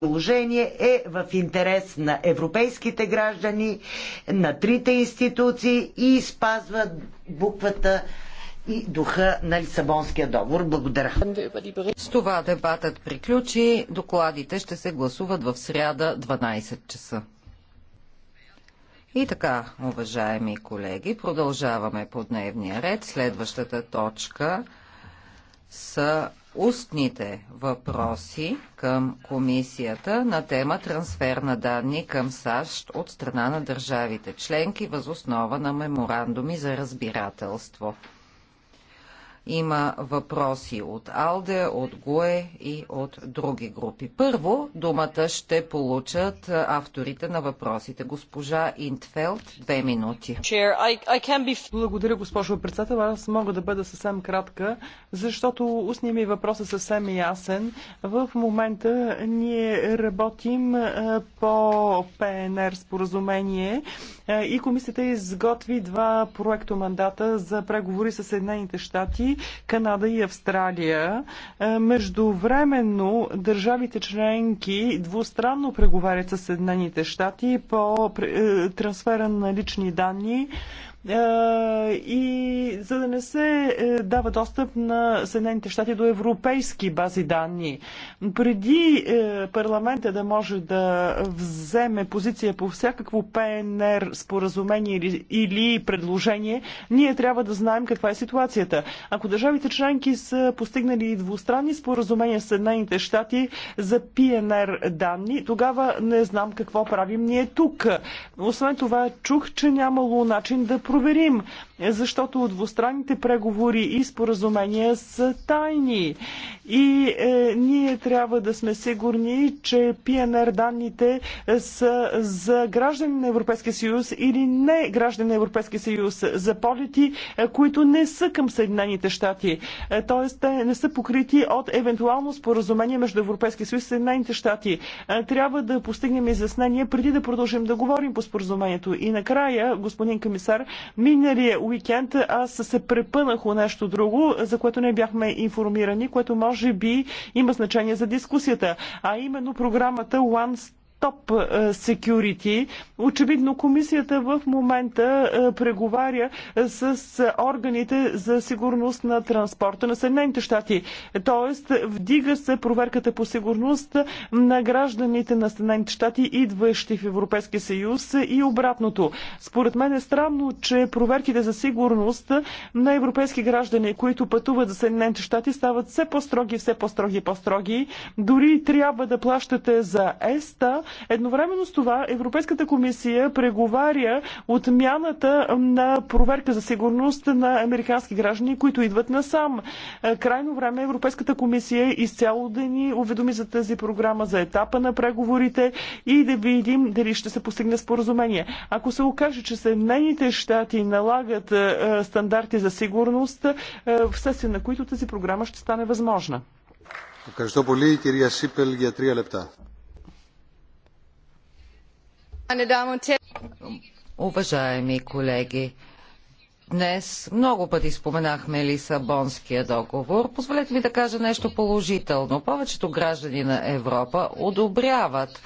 положение е в интерес на европейските граждани, на трите институции и спазва буквата и духа на Лисабонския договор. Благодаря. С това дебатът приключи. Докладите ще се гласуват в сряда 12 часа. И така, уважаеми колеги, продължаваме по дневния ред. Следващата точка са устните въпроси към комисията на тема трансфер на данни към САЩ от страна на държавите членки възоснова на меморандуми за разбирателство. Има въпроси от АЛДЕ, от ГУЕ и от други групи. Първо думата ще получат авторите на въпросите. Госпожа Интфелд, две минути. Благодаря, госпожо председател. Аз мога да бъда съвсем кратка, защото устния ми въпрос е съвсем ясен. В момента ние работим по ПНР споразумение и комисията изготви два проекто мандата за преговори с Съединените щати Канада и Австралия. Е, междувременно държавите членки двустранно преговарят с Съединените щати по е, трансфера на лични данни е, и за да не се е, дава достъп на Съединените щати до европейски бази данни. Преди е, парламента да може да вземе позиция по всякакво ПНР споразумение или предложение, ние трябва да знаем каква е ситуацията. Ако държавите членки са постигнали двустранни споразумения с Съединените щати за ПНР данни, тогава не знам какво правим ние тук. Освен това, чух, че нямало начин да проверим, защото двустранните преговори и споразумения са тайни. И е, ние трябва да сме сигурни, че ПНР данните е, са за граждани на Европейския съюз или не граждани на Европейския съюз, за полети, е, които не са към Съединените щати. Е, тоест, те не са покрити от евентуално споразумение между Европейския съюз и Съединените щати. Трябва да постигнем изяснение преди да продължим да говорим по споразумението. И накрая, господин комисар, Миналия уикенд аз се препънах у нещо друго, за което не бяхме информирани, което може би има значение за дискусията, а именно програмата One топ секюрити. Очевидно комисията в момента е, преговаря е, с е, органите за сигурност на транспорта на Съединените щати. Тоест, вдига се проверката по сигурност на гражданите на Съединените щати, идващи в Европейския съюз и обратното. Според мен е странно, че проверките за сигурност на европейски граждани, които пътуват за Съединените щати, стават все по-строги, все по-строги, по-строги. Дори трябва да плащате за ЕСТА, Едновременно с това Европейската комисия преговаря отмяната на проверка за сигурност на американски граждани, които идват насам. Е, крайно време Европейската комисия изцяло да ни уведоми за тази програма, за етапа на преговорите и да видим дали ще се постигне споразумение. Ако се окаже, че Съединените щати налагат е, стандарти за сигурност, е, вследствие на които тази програма ще стане възможна. Ευχαριστώ πολύ, κυρία Σίπελ, για τρία λεπτά. Уважаеми колеги, Днес много пъти споменахме Лисабонския договор. Позволете ми да кажа нещо положително. Повечето граждани на Европа одобряват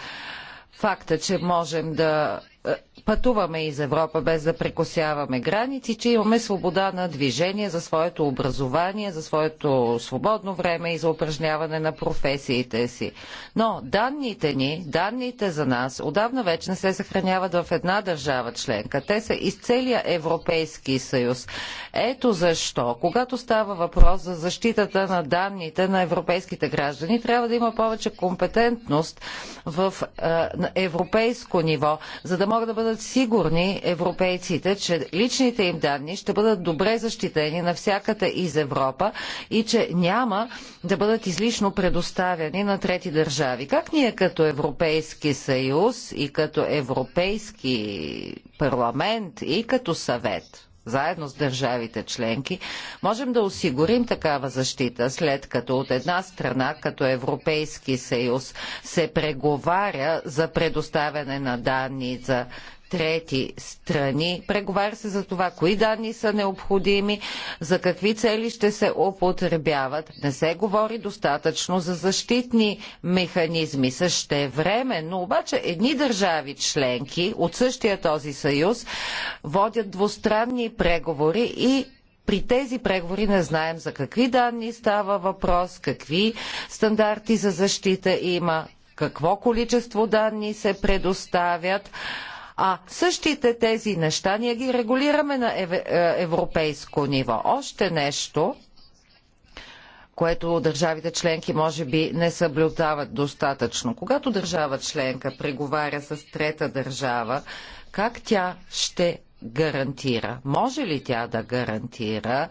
факта, че можем да е, пътуваме из Европа без да прекосяваме граници, че имаме свобода на движение за своето образование, за своето свободно време и за упражняване на професиите си. Но данните ни, данните за нас, отдавна вече не се съхраняват в една държава членка. Те са из целия Европейски съюз. Ето защо, когато става въпрос за защитата на данните на европейските граждани, трябва да има повече компетентност в е, европейско ниво, за да могат да бъдат бъдат сигурни европейците, че личните им данни ще бъдат добре защитени навсякъде из Европа и че няма да бъдат излишно предоставяни на трети държави. Как ние като Европейски съюз и като Европейски парламент и като съвет заедно с държавите членки, можем да осигурим такава защита, след като от една страна, като Европейски съюз, се преговаря за предоставяне на данни за трети страни. Преговаря се за това, кои данни са необходими, за какви цели ще се употребяват. Не се говори достатъчно за защитни механизми. също време, но обаче едни държави членки от същия този съюз водят двустранни преговори и при тези преговори не знаем за какви данни става въпрос, какви стандарти за защита има, какво количество данни се предоставят. А същите тези неща ние ги регулираме на е, европейско ниво. Още нещо, което държавите членки може би не съблюдават достатъчно. Когато държава членка преговаря с трета държава, как тя ще гарантира? Може ли тя да гарантира,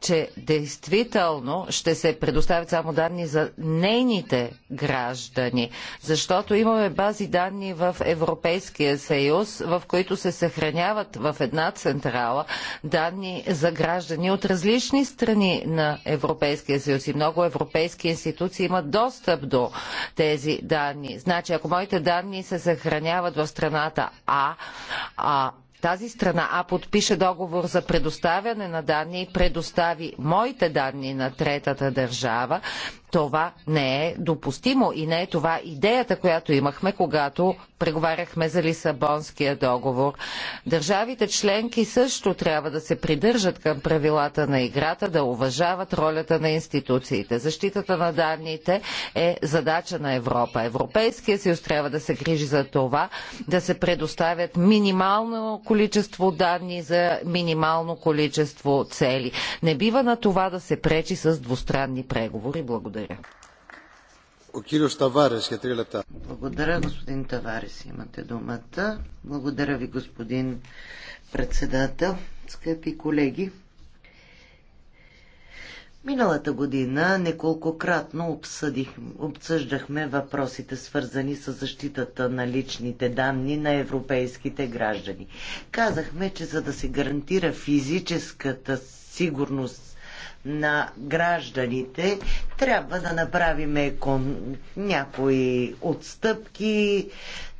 че действително ще се предоставят само данни за нейните граждани, защото имаме бази данни в Европейския съюз, в които се съхраняват в една централа данни за граждани от различни страни на Европейския съюз и много европейски институции имат достъп до тези данни. Значи, ако моите данни се съхраняват в страната А, а тази страна А подпише договор за предоставяне на данни и предостави моите данни на третата държава, това не е допустимо и не е това идеята, която имахме, когато преговаряхме за Лисабонския договор. Държавите членки също трябва да се придържат към правилата на играта, да уважават ролята на институциите. Защитата на данните е задача на Европа. Европейския съюз трябва да се грижи за това, да се предоставят минимално количество данни за минимално количество цели. Не бива на това да се пречи с двустранни преговори. Благодаря. Благодаря. Е Благодаря, господин Таварес. Имате думата. Благодаря ви, господин председател. Скъпи колеги, Миналата година неколкократно обсъдих, обсъждахме въпросите свързани с защитата на личните данни на европейските граждани. Казахме, че за да се гарантира физическата сигурност на гражданите, трябва да направим кон... някои отстъпки,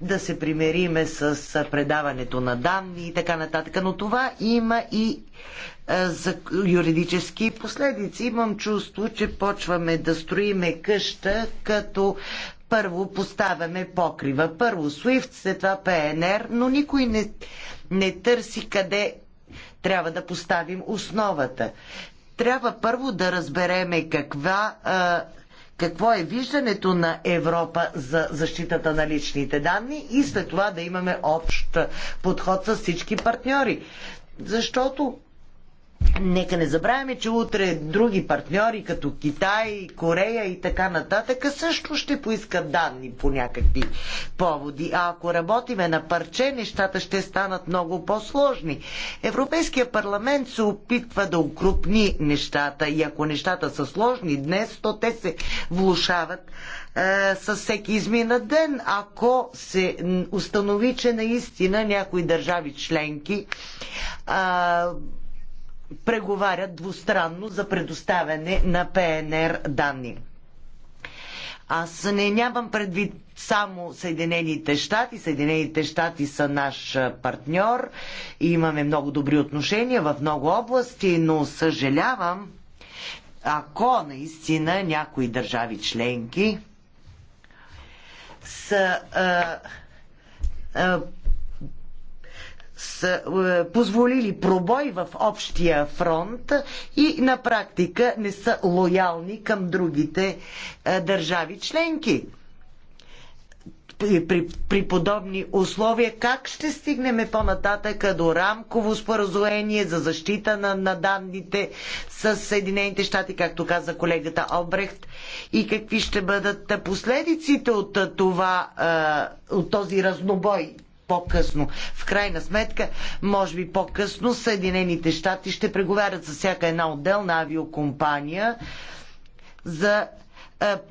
да се примериме с предаването на данни и така нататък. Но това има и а, е, за юридически последици. Имам чувство, че почваме да строиме къща, като първо поставяме покрива. Първо SWIFT, след това ПНР, но никой не, не търси къде трябва да поставим основата трябва първо да разбереме каква, а, какво е виждането на Европа за защитата на личните данни и след това да имаме общ подход с всички партньори. Защото Нека не забравяме, че утре други партньори, като Китай, Корея и така нататък, също ще поискат данни по някакви поводи. А ако работиме на парче, нещата ще станат много по-сложни. Европейския парламент се опитва да укрупни нещата и ако нещата са сложни днес, то те се влушават със е, всеки изминат ден, ако се установи, че наистина някои държави членки а, е, преговарят двустранно за предоставяне на ПНР данни. Аз не нямам предвид само Съединените щати. Съединените щати са наш партньор и имаме много добри отношения в много области, но съжалявам, ако наистина някои държави членки са а, а, са е, позволили пробой в общия фронт и на практика не са лоялни към другите е, държави членки. При, при, при подобни условия как ще стигнем по-нататък до рамково споразумение за защита на, на данните с Съединените щати, както каза колегата Обрехт, и какви ще бъдат последиците от е, това, от този разнобой по-късно. В крайна сметка, може би по-късно, Съединените щати ще преговарят за всяка една отделна авиокомпания за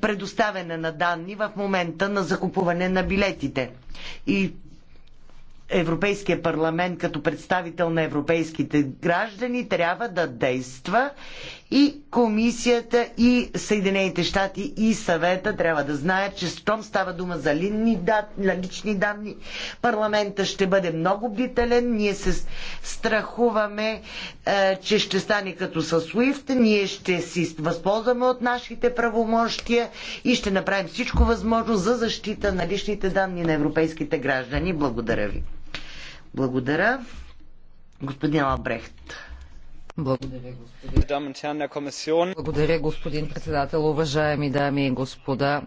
предоставяне на данни в момента на закупуване на билетите. И Европейския парламент като представител на европейските граждани трябва да действа и комисията, и Съединените щати, и съвета трябва да знаят, че щом става дума за лични данни, парламента ще бъде много бдителен. Ние се страхуваме, е, че ще стане като с SWIFT. Ние ще си възползваме от нашите правомощия и ще направим всичко възможно за защита на личните данни на европейските граждани. Благодаря ви. Благодаря. Господин Лабрехт. Благодаря господин. председател, уважаеми дами и господа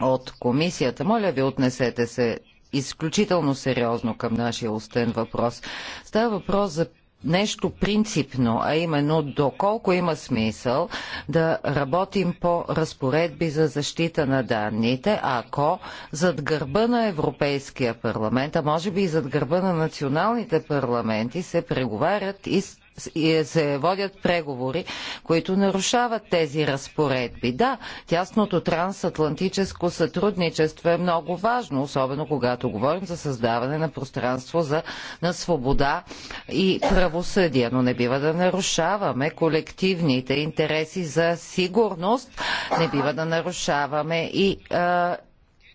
от комисията. Моля ви, отнесете се изключително сериозно към нашия устен въпрос. Става въпрос за нещо принципно, а именно доколко има смисъл да работим по разпоредби за защита на данните, ако зад гърба на Европейския парламент, а може би и зад гърба на националните парламенти се преговарят и се водят преговори, които нарушават тези разпоредби. Да, тясното трансатлантическо сътрудничество е много важно, особено когато говорим за създаване на пространство за, на свобода и правосъдие, но не бива да нарушаваме колективните интереси за сигурност, не бива да нарушаваме и а,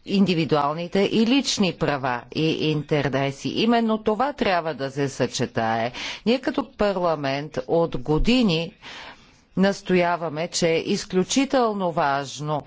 индивидуалните и лични права и интереси. Именно това трябва да се съчетае. Ние като парламент от години настояваме, че е изключително важно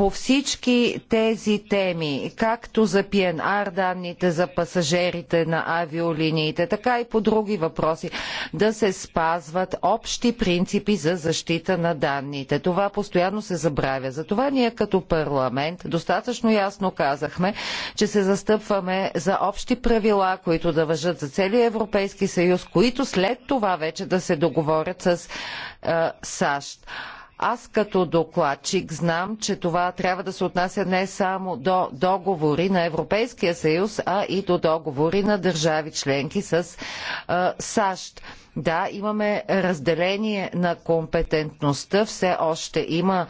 по всички тези теми, както за ПНР данните за пасажирите на авиолиниите, така и по други въпроси, да се спазват общи принципи за защита на данните. Това постоянно се забравя. Затова ние като парламент достатъчно ясно казахме, че се застъпваме за общи правила, които да въжат за целия Европейски съюз, които след това вече да се договорят с е, САЩ. Аз като докладчик знам, че това трябва да се отнася не само до договори на Европейския съюз, а и до договори на държави членки с а, САЩ. Да, имаме разделение на компетентността, все още има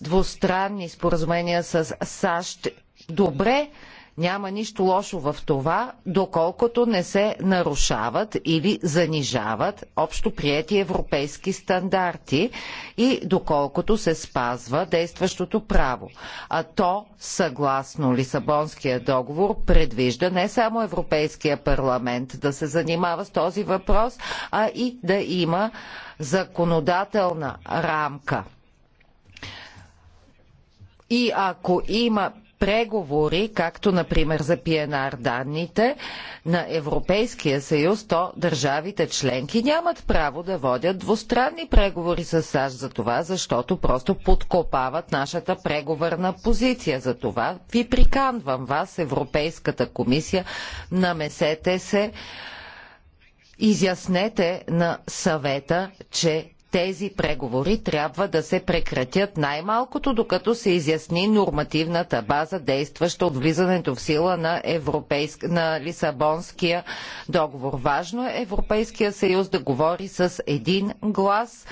двустранни споразумения с САЩ. Добре, няма нищо лошо в това, доколкото не се нарушават или занижават общо приети европейски стандарти и доколкото се спазва действащото право. А то, съгласно Лисабонския договор, предвижда не само Европейския парламент да се занимава с този въпрос, а и да има законодателна рамка. И ако има преговори, както например за ПНР данните на Европейския съюз, то държавите членки нямат право да водят двустранни преговори с САЩ за това, защото просто подкопават нашата преговорна позиция. За това ви приканвам вас, Европейската комисия, намесете се изяснете на съвета, че тези преговори трябва да се прекратят най-малкото, докато се изясни нормативната база, действаща от влизането в сила на, европейск... на Лисабонския договор. Важно е Европейския съюз да говори с един глас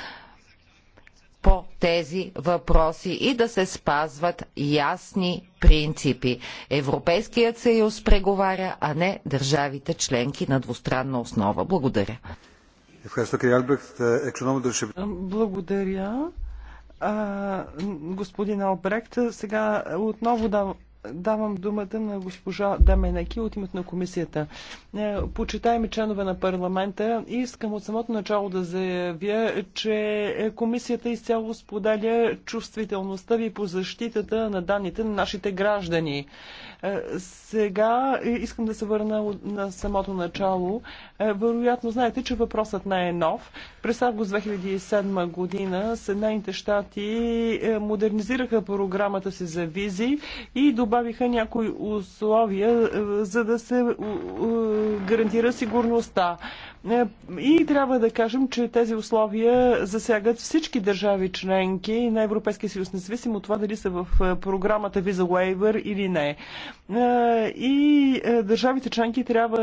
по тези въпроси и да се спазват ясни принципи. Европейският съюз преговаря, а не държавите членки на двустранна основа. Благодаря. Благодаря. господин Албрехт, сега отново давам Давам думата на госпожа Даменеки от името на комисията. Е, почитаеми членове на парламента, искам от самото начало да заявя, че комисията изцяло споделя чувствителността ви по защитата на данните на нашите граждани. Е, сега искам да се върна на самото начало. Е, вероятно знаете, че въпросът не е нов. През август 2007 година Съединените щати модернизираха програмата си за визи и добавиха добавиха някои условия, е, за да се е, е, гарантира сигурността. Е, и трябва да кажем, че тези условия засягат всички държави членки на Европейския съюз, независимо от това дали са в е, програмата Visa Waiver или не. Е, и държавите членки трябва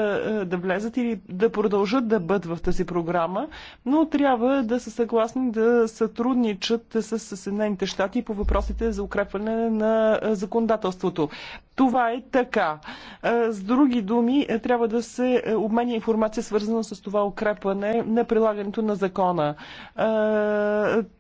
да влезат или да продължат да бъдат в тази програма, но трябва да са съгласни да сътрудничат с Съединените щати по въпросите за укрепване на законодателството. Това е така. С други думи, трябва да се обменя информация, свързана с това укрепване на прилагането на закона. Е,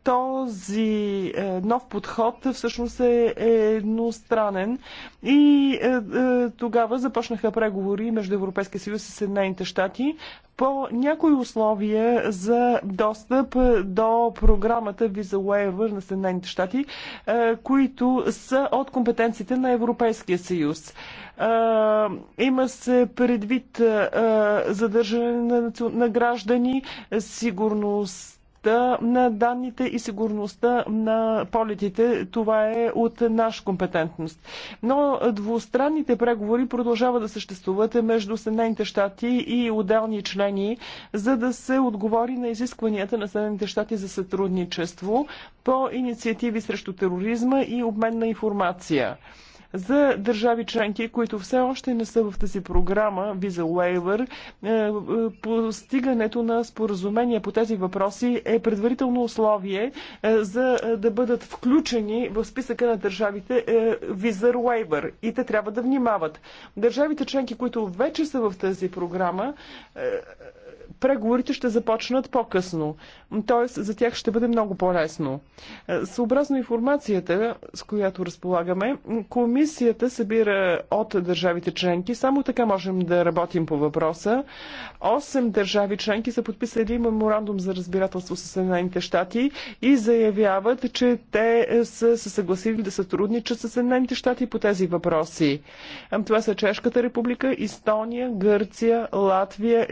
този е, нов подход всъщност е едностранен и е, тогава започнаха преговори между Европейския съюз и Съединените щати по някои условия за достъп до програмата Visa Waiver на Съединените щати, които са от компетенциите на Европейския съюз. Има се предвид задържане на граждани, сигурност сигурността на данните и сигурността на полетите. Това е от наш компетентност. Но двустранните преговори продължават да съществуват между Съединените щати и отделни члени, за да се отговори на изискванията на Съединените щати за сътрудничество по инициативи срещу тероризма и обмен на информация за държави членки, които все още не са в тази програма Visa Waiver. Е, е, постигането на споразумения по тези въпроси е предварително условие е, за да бъдат включени в списъка на държавите Visa Waiver. И те трябва да внимават. Държавите членки, които вече са в тази програма, преговорите ще започнат по-късно. Тоест, за тях ще бъде много по-лесно. Е, съобразно информацията, с която разполагаме, комисията събира от държавите членки. Само така можем да работим по въпроса. Осем държави членки са подписали меморандум за разбирателство с Съединените щати и заявяват, че те е, са се съгласили да сътрудничат с Съединените щати по тези въпроси. Е, това са Чешката република, Естония, Гърция, Латвия,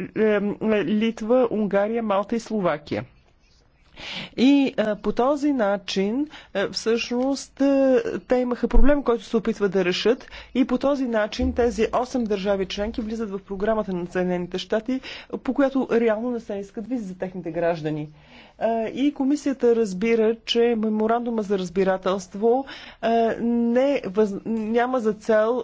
Литва, Унгария, Малта и Словакия. И а, по този начин, а, всъщност, а, те имаха проблем, който се опитват да решат. И по този начин тези 8 държави членки влизат в програмата на Съединените щати, по която реално не се искат визи за техните граждани. А, и комисията разбира, че меморандума за разбирателство а, не въз... няма за цел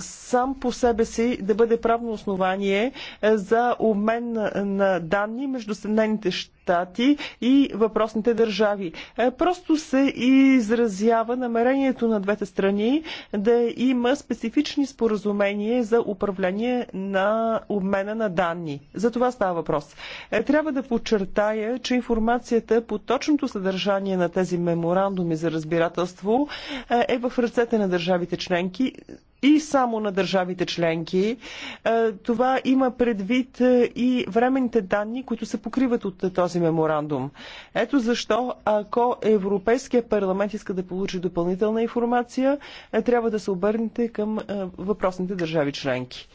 сам по себе си да бъде правно основание е, за обмен на данни между Съединените щати и въпросните държави. Е, просто се изразява намерението на двете страни да има специфични споразумения за управление на обмена на данни. За това става въпрос. Е, трябва да подчертая, че информацията по точното съдържание на тези меморандуми за разбирателство е в ръцете на държавите членки и само на държавите членки. Е, това има предвид е, и временните данни, които се покриват от е, този меморандум. Ето защо, ако Европейския парламент иска да получи допълнителна информация, трябва да се обърнете към въпросните държави членки.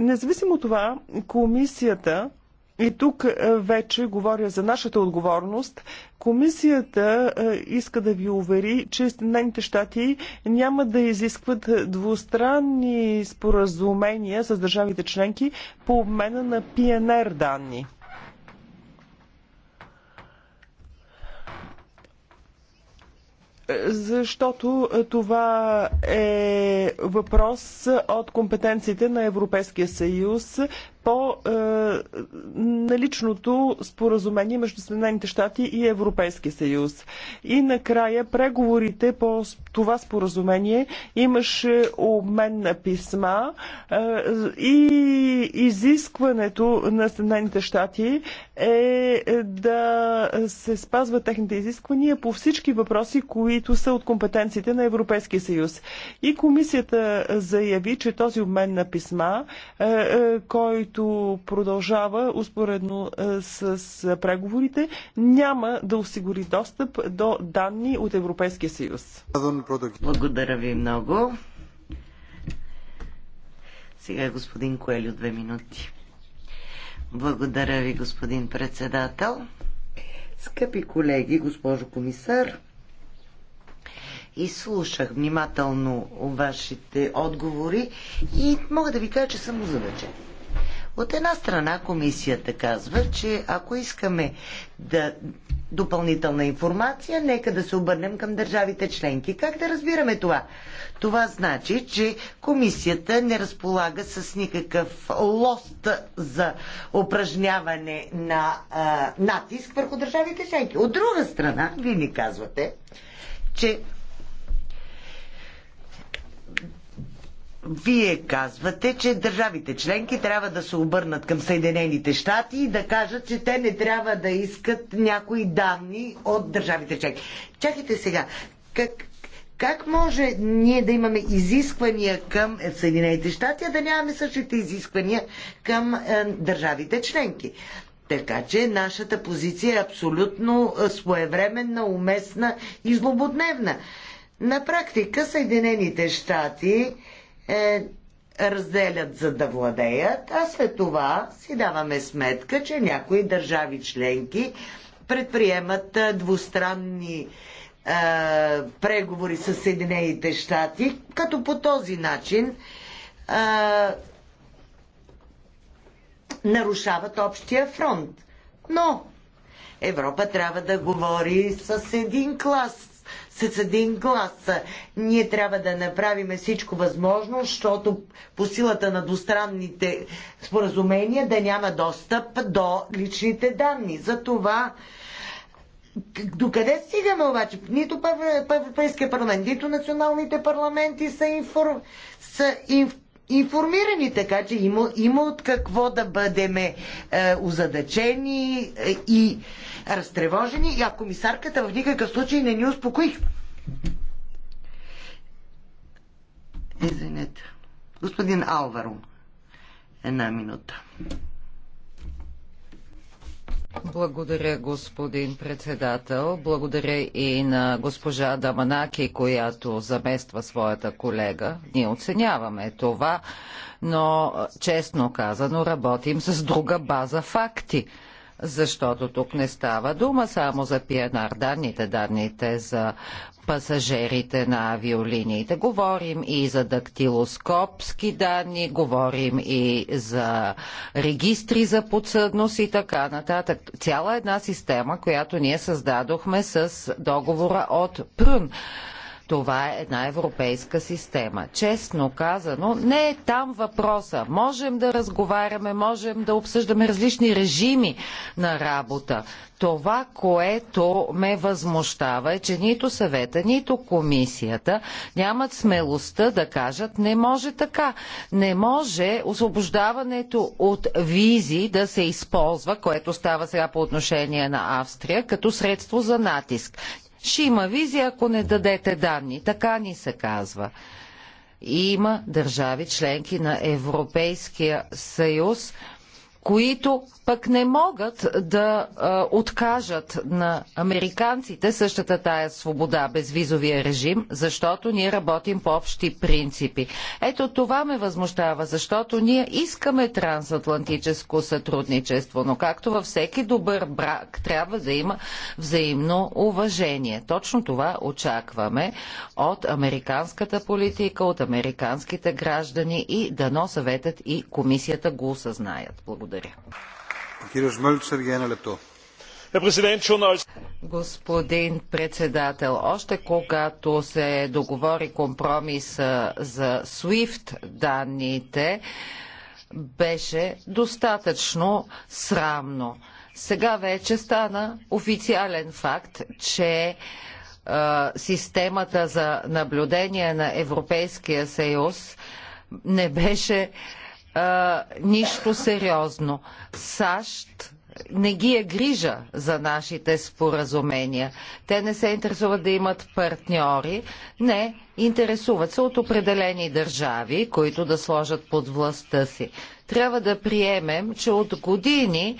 Независимо от това, комисията и тук е, вече говоря за нашата отговорност. Комисията е, иска да ви увери, че Съединените щати няма да изискват двустранни споразумения с държавите членки по обмена на ПНР данни. защото е, това е въпрос от компетенциите на Европейския съюз по е, наличното споразумение между Съединените щати и Европейския съюз. И накрая преговорите по това споразумение имаше обмен на писма е, и изискването на Съединените щати е да се спазват техните изисквания по всички въпроси, които са от компетенциите на Европейския съюз. И комисията заяви, че този обмен на писма, е, е, който който продължава успоредно е, с е, преговорите, няма да осигури достъп до данни от Европейския съюз. Благодаря ви много. Сега господин Коелю, две минути. Благодаря ви, господин председател. Скъпи колеги, госпожо комисар, изслушах внимателно вашите отговори и мога да ви кажа, че съм озадачен. От една страна комисията казва, че ако искаме да допълнителна информация, нека да се обърнем към държавите членки. Как да разбираме това? Това значи, че комисията не разполага с никакъв лост за упражняване на а, натиск върху държавите членки. От друга страна, вие ни казвате, че Вие казвате, че държавите членки трябва да се обърнат към Съединените щати и да кажат, че те не трябва да искат някои данни от държавите членки. Чакайте сега. Как, как може ние да имаме изисквания към Съединените щати, а да нямаме същите изисквания към е, държавите членки? Така че нашата позиция е абсолютно е, своевременна, уместна и злободневна. На практика Съединените щати е, разделят за да владеят, а след това си даваме сметка, че някои държави членки предприемат е, двустранни е, преговори с Съединените щати, като по този начин е, нарушават общия фронт. Но Европа трябва да говори с един клас с един глас. Ние трябва да направим всичко възможно, защото по силата на двустранните споразумения да няма достъп до личните данни. За това докъде стигаме обаче? Нито Европейския парламент, нито националните парламенти са, инфор... са инф... информирани, така че има, има от какво да бъдеме е, озадачени е, и разтревожени, а комисарката в никакъв случай не ни успокои. Извинете. Господин Алваро, една минута. Благодаря, господин председател. Благодаря и на госпожа Даманаки, която замества своята колега. Ние оценяваме това, но честно казано работим с друга база факти защото тук не става дума само за PNR данните, данните за пасажирите на авиолиниите. Говорим и за дактилоскопски данни, говорим и за регистри за подсъдност и така нататък. Цяла една система, която ние създадохме с договора от Прун. Това е една европейска система. Честно казано, не е там въпроса. Можем да разговаряме, можем да обсъждаме различни режими на работа. Това, което ме възмущава е, че нито съвета, нито комисията нямат смелостта да кажат не може така. Не може освобождаването от визи да се използва, което става сега по отношение на Австрия, като средство за натиск. Ще има визия, ако не дадете данни. Така ни се казва. И има държави членки на Европейския съюз, които пък не могат да а, откажат на американците същата тая свобода, безвизовия режим, защото ние работим по общи принципи. Ето това ме възмущава, защото ние искаме трансатлантическо сътрудничество, но както във всеки добър брак трябва да има взаимно уважение. Точно това очакваме от американската политика, от американските граждани и дано съветът и комисията го осъзнаят. Благодаря. Благодаря. Господин председател, още когато се договори компромис за SWIFT данните, беше достатъчно срамно. Сега вече стана официален факт, че системата за наблюдение на Европейския съюз не беше а, нищо сериозно. САЩ не ги е грижа за нашите споразумения. Те не се интересуват да имат партньори. Не, интересуват се от определени държави, които да сложат под властта си. Трябва да приемем, че от години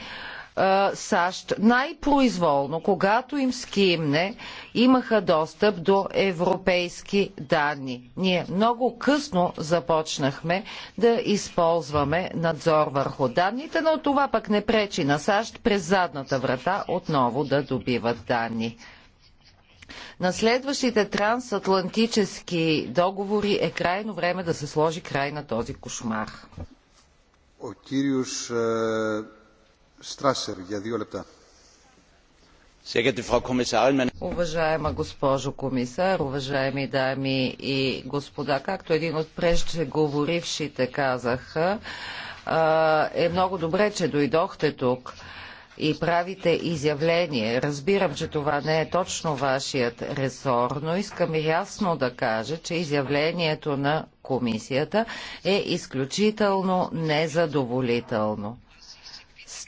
е, САЩ най-произволно, когато им скимне, имаха достъп до европейски данни. Ние много късно започнахме да използваме надзор върху данните, но това пък не пречи на САЩ през задната врата отново да добиват данни. На следващите трансатлантически договори е крайно време да се сложи край на този кошмар. Е, Уважаема госпожо комисар, уважаеми дами и господа, както един от преждеговорившите казаха, е много добре, че дойдохте тук и правите изявление. Разбирам, че това не е точно вашият ресор, но искам ясно да кажа, че изявлението на комисията е изключително незадоволително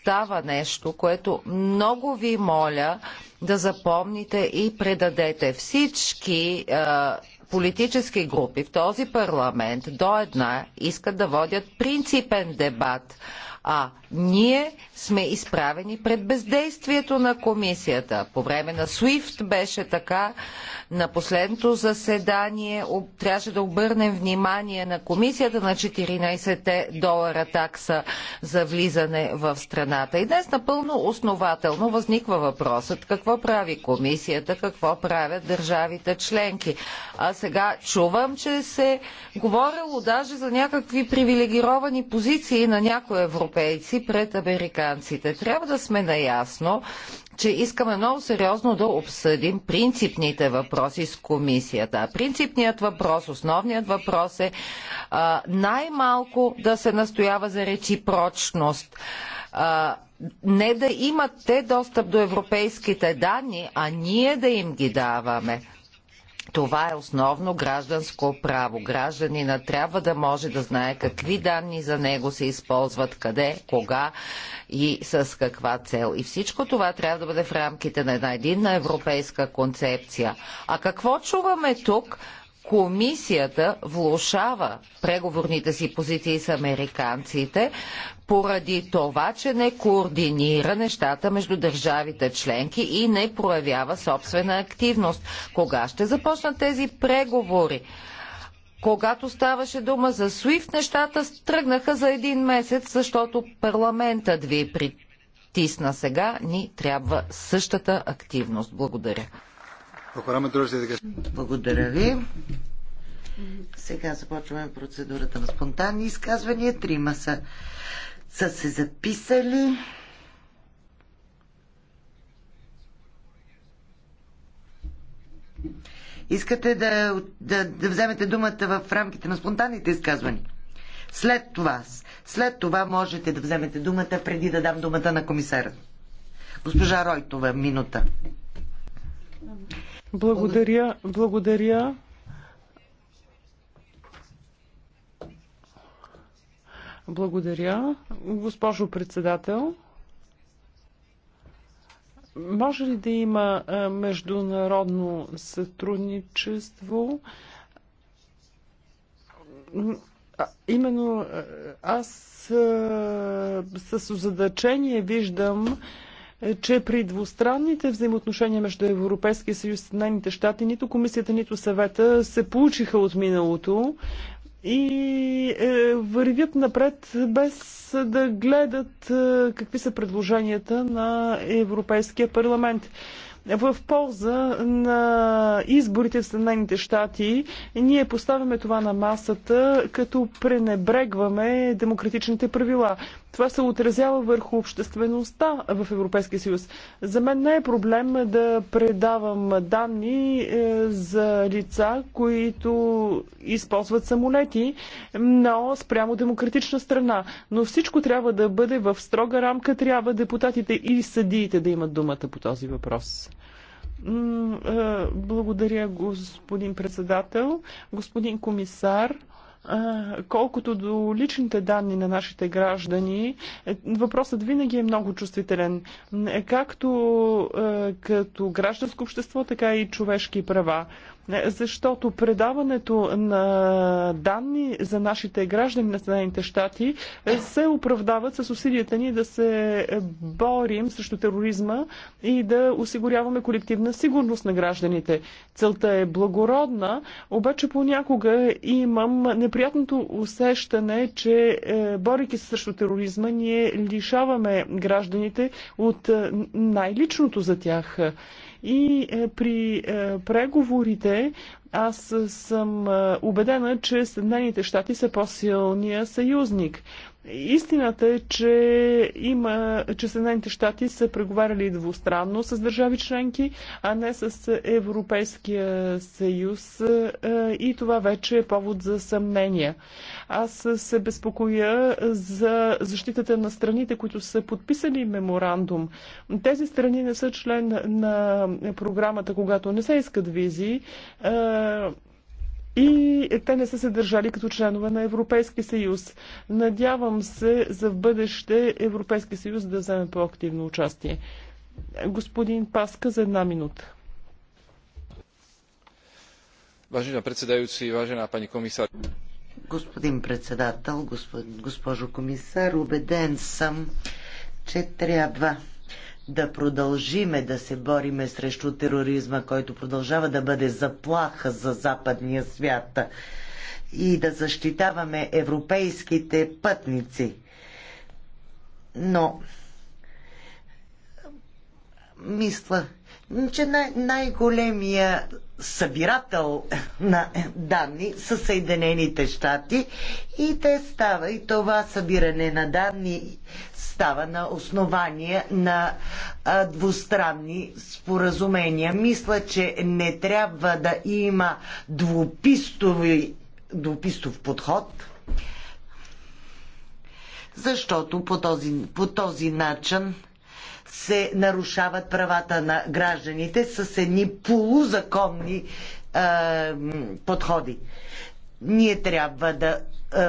остава нещо, което много ви моля да запомните и предадете. Всички а, е, политически групи в този парламент до една искат да водят принципен дебат, а ние сме изправени пред бездействието на комисията. По време на SWIFT беше така. На последното заседание трябваше да обърнем внимание на комисията на 14 долара такса за влизане в страната. И днес напълно основателно възниква въпросът какво прави комисията, какво правят държавите членки. А сега чувам, че се говорило даже за някакви привилегировани позиции на някои европейци пред американците. Трябва да сме наясно, че искаме много сериозно да обсъдим принципните въпроси с комисията. Принципният въпрос, основният въпрос е най-малко да се настоява за реципрочност. А, не да имат те достъп до европейските данни, а ние да им ги даваме. Това е основно гражданско право. Гражданина трябва да може да знае какви данни за него се използват, къде, кога и с каква цел. И всичко това трябва да бъде в рамките на една единна европейска концепция. А какво чуваме тук? комисията влушава преговорните си позиции с американците поради това, че не координира нещата между държавите членки и не проявява собствена активност. Кога ще започнат тези преговори? Когато ставаше дума за Суиф, нещата тръгнаха за един месец, защото парламентът ви притисна сега. Ни трябва същата активност. Благодаря. Благодаря ви. Сега започваме процедурата на спонтанни изказвания. Трима са, са се записали. Искате да, да, да вземете думата в рамките на спонтанните изказвания? След това, след това можете да вземете думата преди да дам думата на комисара. Госпожа Ройтова, минута. Благодаря, благодаря. Благодаря. Госпожо председател, може ли да има международно сътрудничество? Именно аз с озадачение виждам е, че при двустранните взаимоотношения между Европейския съюз и Съединените щати нито комисията, нито съвета се получиха от миналото и е, вървят напред без да гледат е, какви са предложенията на Европейския парламент. В полза на изборите в Съединените щати ние поставяме това на масата, като пренебрегваме демократичните правила. Това се отразява върху обществеността в Европейския съюз. За мен не е проблем да предавам данни е, за лица, които използват самолети, но спрямо демократична страна. Но всичко трябва да бъде в строга рамка. Трябва депутатите и съдиите да имат думата по този въпрос. Е, благодаря, господин председател, господин комисар. Колкото до личните данни на нашите граждани, е, въпросът винаги е много чувствителен. Е, както е, като гражданско общество, така и човешки права защото предаването на данни за нашите граждани на Съединените щати е, се оправдават с усилията ни да се борим срещу тероризма и да осигуряваме колективна сигурност на гражданите. Целта е благородна, обаче понякога имам неприятното усещане, че е, борейки се срещу тероризма, ние лишаваме гражданите от е, най-личното за тях. И е, при е, преговорите аз съм е, убедена, че Съединените щати са по-силния съюзник. Истината е, че, има, че Съединените щати са преговаряли двустранно с държави членки, а не с Европейския съюз е, и това вече е повод за съмнения. Аз се безпокоя за защитата на страните, които са подписали меморандум. Тези страни не са член на програмата, когато не се искат визии е, и те не са се държали като членове на Европейски съюз. Надявам се за в бъдеще Европейски съюз да вземе по-активно участие. Господин Паска за една минута. Vážená predsedajúci, vážená pani komisár. Господин председател, госпожо комисар, убеден съм, че трябва да продължиме да се бориме срещу тероризма, който продължава да бъде заплаха за западния свят и да защитаваме европейските пътници. Но мисля, че най- най-големия събирател на данни са Съединените щати и те става и това събиране на данни става на основание на двустранни споразумения. Мисля, че не трябва да има двупистови, двупистов подход, защото по този, по този начин се нарушават правата на гражданите с едни полузаконни е, подходи. Ние трябва да е,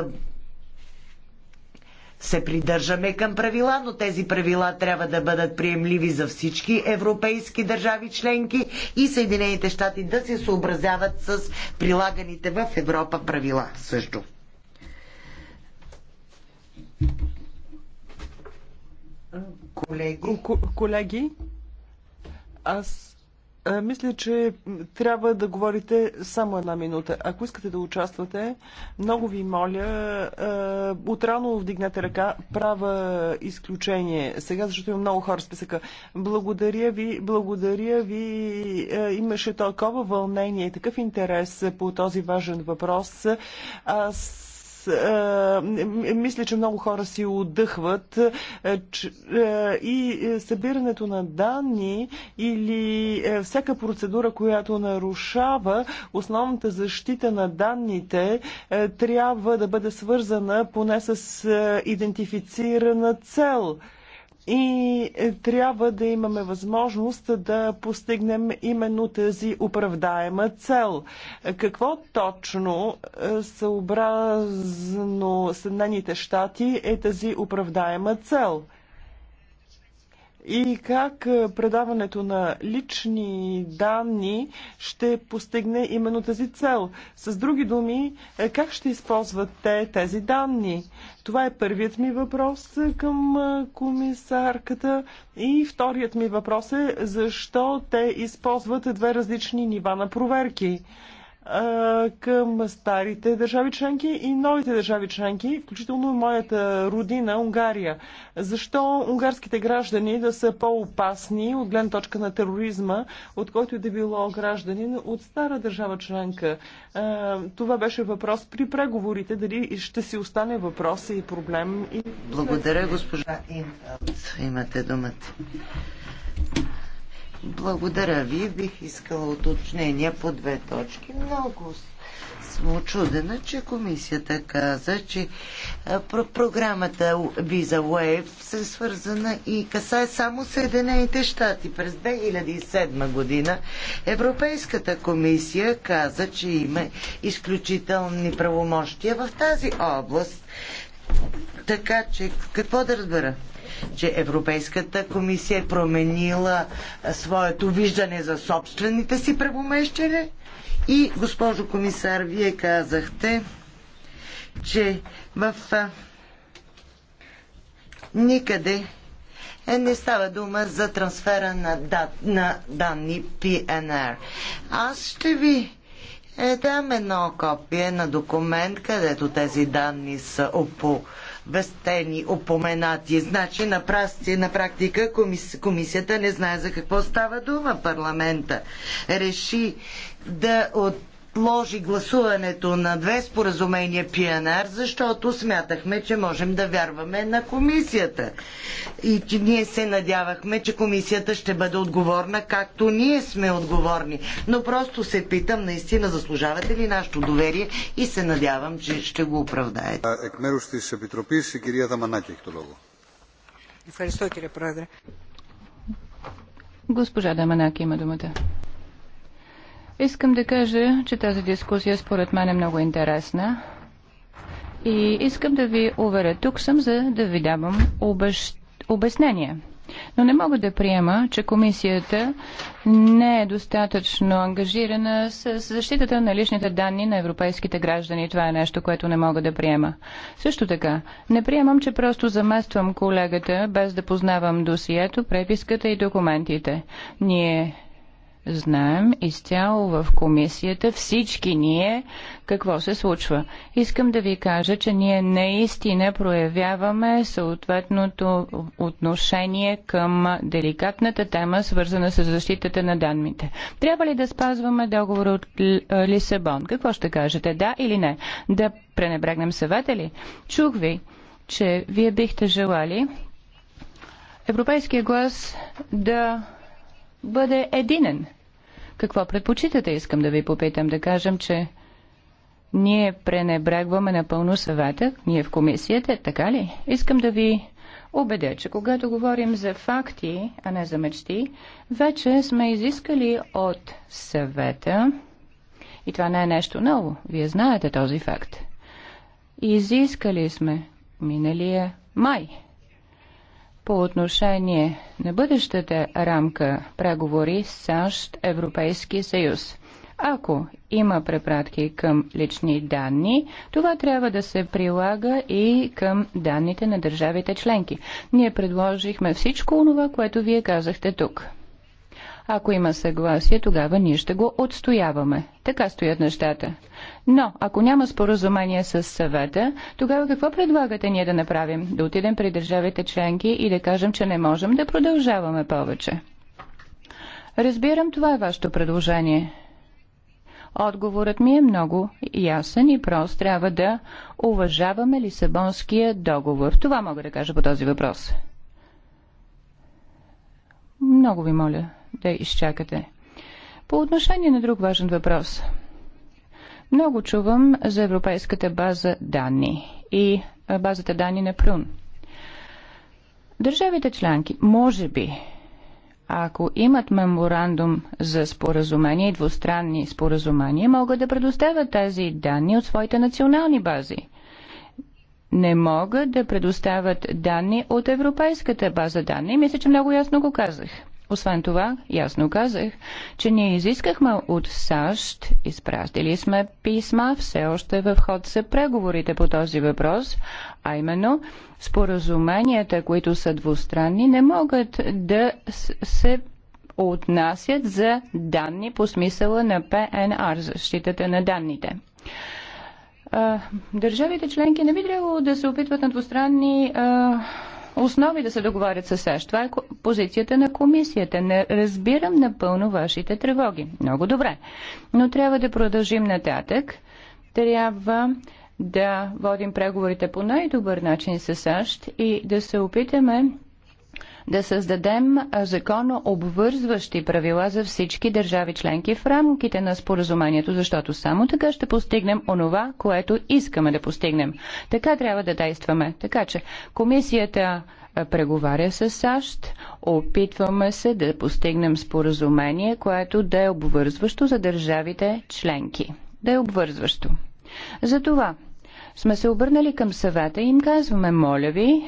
се придържаме към правила, но тези правила трябва да бъдат приемливи за всички европейски държави членки и Съединените щати да се съобразяват с прилаганите в Европа правила също. Колеги. Колеги, аз мисля, че трябва да говорите само една минута. Ако искате да участвате, много ви моля, отрано вдигнете ръка, права изключение. Сега, защото има много хора в списъка. Благодаря ви, благодаря ви. Имаше толкова вълнение и такъв интерес по този важен въпрос. Аз аз е, а, мисля, че много хора си отдъхват а, е, а, е, и събирането на данни или а, всяка процедура, която нарушава основната защита на данните, а, трябва да бъде свързана поне с а, идентифицирана цел и трябва да имаме възможност да постигнем именно тази оправдаема цел. Какво точно е, съобразно Съединените щати е тази оправдаема цел? и как предаването на лични данни ще постигне именно тази цел. С други думи, е, как ще използват те тези данни? Това е първият ми въпрос към комисарката. И вторият ми въпрос е защо те използват две различни нива на проверки към старите държави членки и новите държави членки, включително моята родина Унгария. Защо унгарските граждани да са по-опасни от гледна точка на тероризма, от който и да било гражданин от стара държава членка? Това беше въпрос при преговорите, дали ще си остане въпрос и проблем. И... Благодаря, госпожа Имате думата. Благодаря ви. Бих искала уточнение по две точки. Много съм очудена, че комисията каза, че про програмата Visa Wave се е свързана и касае само Съединените щати. През 2007 година Европейската комисия каза, че има изключителни правомощия в тази област. Така че, какво да разбера? че Европейската комисия е променила своето виждане за собствените си правомещения. И, госпожо комисар, вие казахте, че в никъде е, не става дума за трансфера на, дат, на данни PNR. Аз ще ви е, дам едно копие на документ, където тези данни са опо възстени, упоменати. Значи на, прасти, на практика комис, комисията не знае за какво става дума. Парламента реши да от отложи гласуването на две споразумения ПНР, защото смятахме, че можем да вярваме на комисията. И че ние се надявахме, че комисията ще бъде отговорна, както ние сме отговорни. Но просто се питам, наистина заслужавате ли нашето доверие и се надявам, че ще го оправдаете. Εκ се της си η κυρία Δαμανάκη лого. Госпожа Даманаки има думата. Искам да кажа, че тази дискусия според мен е много интересна и искам да ви уверя. Тук съм, за да ви давам обещ... обяснение. Но не мога да приема, че комисията не е достатъчно ангажирана с защитата на личните данни на европейските граждани. Това е нещо, което не мога да приема. Също така, не приемам, че просто замествам колегата, без да познавам досието, преписката и документите. Ние знаем изцяло в комисията, всички ние, какво се случва. Искам да ви кажа, че ние наистина проявяваме съответното отношение към деликатната тема, свързана с защитата на данните. Трябва ли да спазваме договор от Лисабон? Какво ще кажете, да или не? Да пренебрегнем съвета ли? Чух ви, че вие бихте желали европейския глас да бъде единен. Какво предпочитате, искам да ви попитам, да кажем, че ние пренебрегваме напълно съвета, ние в комисията, така ли? Искам да ви убедя, че когато говорим за факти, а не за мечти, вече сме изискали от съвета, и това не е нещо ново, вие знаете този факт, изискали сме миналия май – по отношение на бъдещата рамка преговори САЩ Европейски съюз. Ако има препратки към лични данни, това трябва да се прилага и към данните на държавите членки. Ние предложихме всичко това, което вие казахте тук. Ако има съгласие, тогава ние ще го отстояваме. Така стоят нещата. Но, ако няма споразумение с съвета, тогава какво предлагате ние да направим? Да отидем при държавите членки и да кажем, че не можем да продължаваме повече. Разбирам, това е вашето предложение. Отговорът ми е много ясен и прост. Трябва да уважаваме Лисабонския договор. Това мога да кажа по този въпрос. Много ви моля да изчакате. По отношение на друг важен въпрос. Много чувам за Европейската база данни и базата данни на Прун. Държавите членки, може би, ако имат меморандум за споразумение и двустранни споразумения, могат да предоставят тези данни от своите национални бази. Не могат да предоставят данни от Европейската база данни. Мисля, че много ясно го казах. Освен това, ясно казах, че ние изискахме от САЩ, изпратили сме писма, все още в ход са преговорите по този въпрос, а именно споразуменията, които са двустранни, не могат да се отнасят за данни по смисъла на ПНР, защитата на данните. Държавите членки не би трябвало да се опитват на двустранни основи да се договарят с САЩ. Това е позицията на комисията. Не разбирам напълно вашите тревоги. Много добре. Но трябва да продължим нататък. Трябва да водим преговорите по най-добър начин с САЩ и да се опитаме да създадем законно обвързващи правила за всички държави членки в рамките на споразумението, защото само така ще постигнем онова, което искаме да постигнем. Така трябва да действаме. Така че комисията преговаря с САЩ, опитваме се да постигнем споразумение, което да е обвързващо за държавите членки. Да е обвързващо. Затова сме се обърнали към съвета и им казваме, моля ви,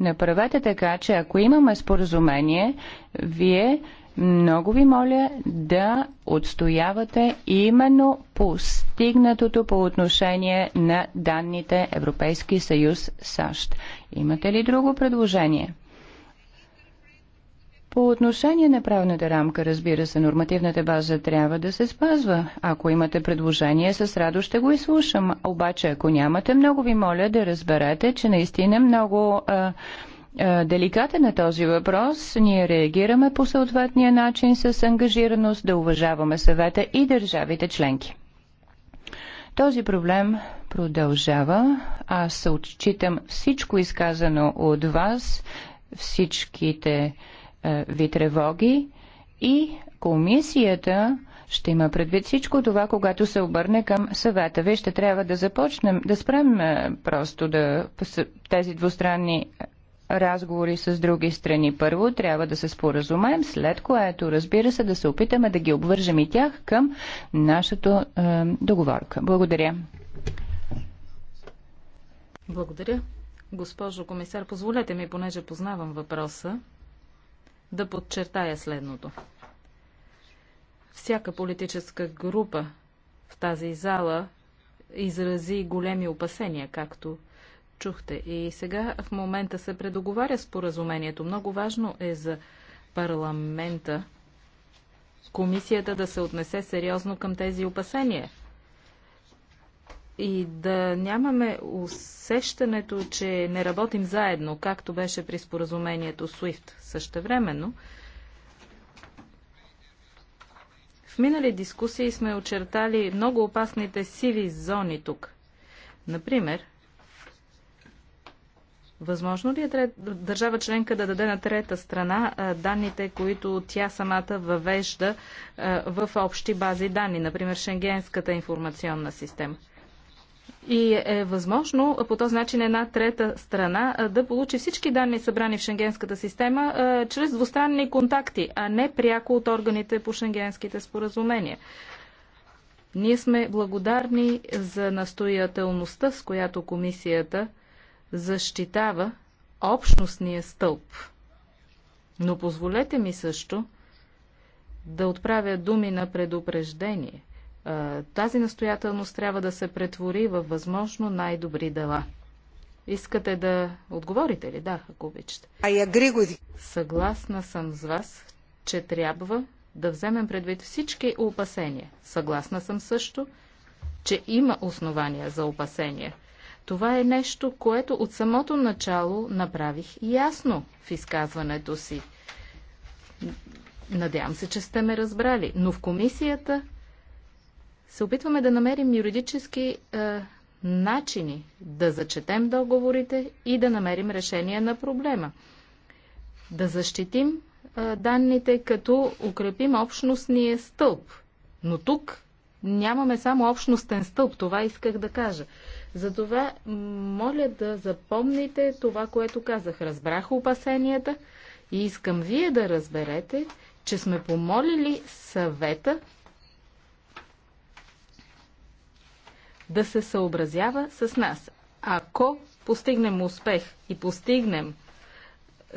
Направете така, че ако имаме споразумение, вие много ви моля да отстоявате именно постигнатото по отношение на данните Европейски съюз САЩ. Имате ли друго предложение? По отношение на правната рамка, разбира се, нормативната база трябва да се спазва. Ако имате предложение, с радост ще го изслушам. Обаче, ако нямате, много ви моля да разберете, че наистина много а, а, деликатен е този въпрос. Ние реагираме по съответния начин с ангажираност да уважаваме съвета и държавите членки. Този проблем продължава. Аз отчитам всичко изказано от вас, всичките е, ви тревоги и комисията ще има предвид всичко това, когато се обърне към съвета. Вие ще трябва да започнем, да спрем е, просто да, тези двустранни разговори с други страни. Първо трябва да се споразумеем, след което, разбира се, да се опитаме да ги обвържем и тях към нашата е, договорка. Благодаря. Благодаря. Госпожо комисар, позволете ми, понеже познавам въпроса, да подчертая следното. Всяка политическа група в тази зала изрази големи опасения, както чухте. И сега в момента се предоговаря споразумението. Много важно е за парламента комисията да се отнесе сериозно към тези опасения и да нямаме усещането, че не работим заедно, както беше при споразумението SWIFT. Същевременно, в минали дискусии сме очертали много опасните сиви зони тук. Например, Възможно ли е държава членка да даде на трета страна данните, които тя самата въвежда в общи бази данни, например Шенгенската информационна система? И е възможно по този начин една трета страна да получи всички данни събрани в шенгенската система чрез двустранни контакти, а не пряко от органите по шенгенските споразумения. Ние сме благодарни за настоятелността, с която комисията защитава общностния стълб. Но позволете ми също да отправя думи на предупреждение – е, тази настоятелност трябва да се претвори във възможно най-добри дела. Искате да отговорите ли? Да, ако обичате. Съгласна съм с вас, че трябва да вземем предвид всички опасения. Съгласна съм също, че има основания за опасения. Това е нещо, което от самото начало направих ясно в изказването си. Надявам се, че сте ме разбрали, но в комисията се опитваме да намерим юридически е, начини да зачетем договорите и да намерим решение на проблема. Да защитим е, данните, като укрепим общностния стълб. Но тук нямаме само общностен стълб, това исках да кажа. Затова моля да запомните това, което казах. Разбрах опасенията и искам вие да разберете, че сме помолили съвета да се съобразява с нас. Ако постигнем успех и постигнем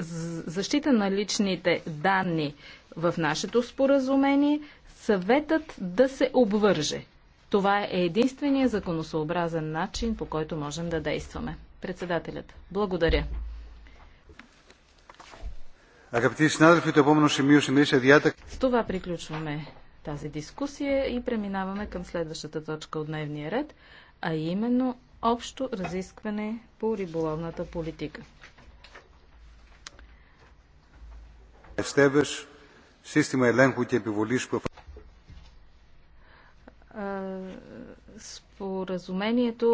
защита на личните данни в нашето споразумение, съветът да се обвърже. Това е единствения законосообразен начин, по който можем да действаме. Председателят, благодаря. С това приключваме тази дискусия и преминаваме към следващата точка от дневния ред, а именно общо разискване по риболовната политика. Естебеш, система е е Споразумението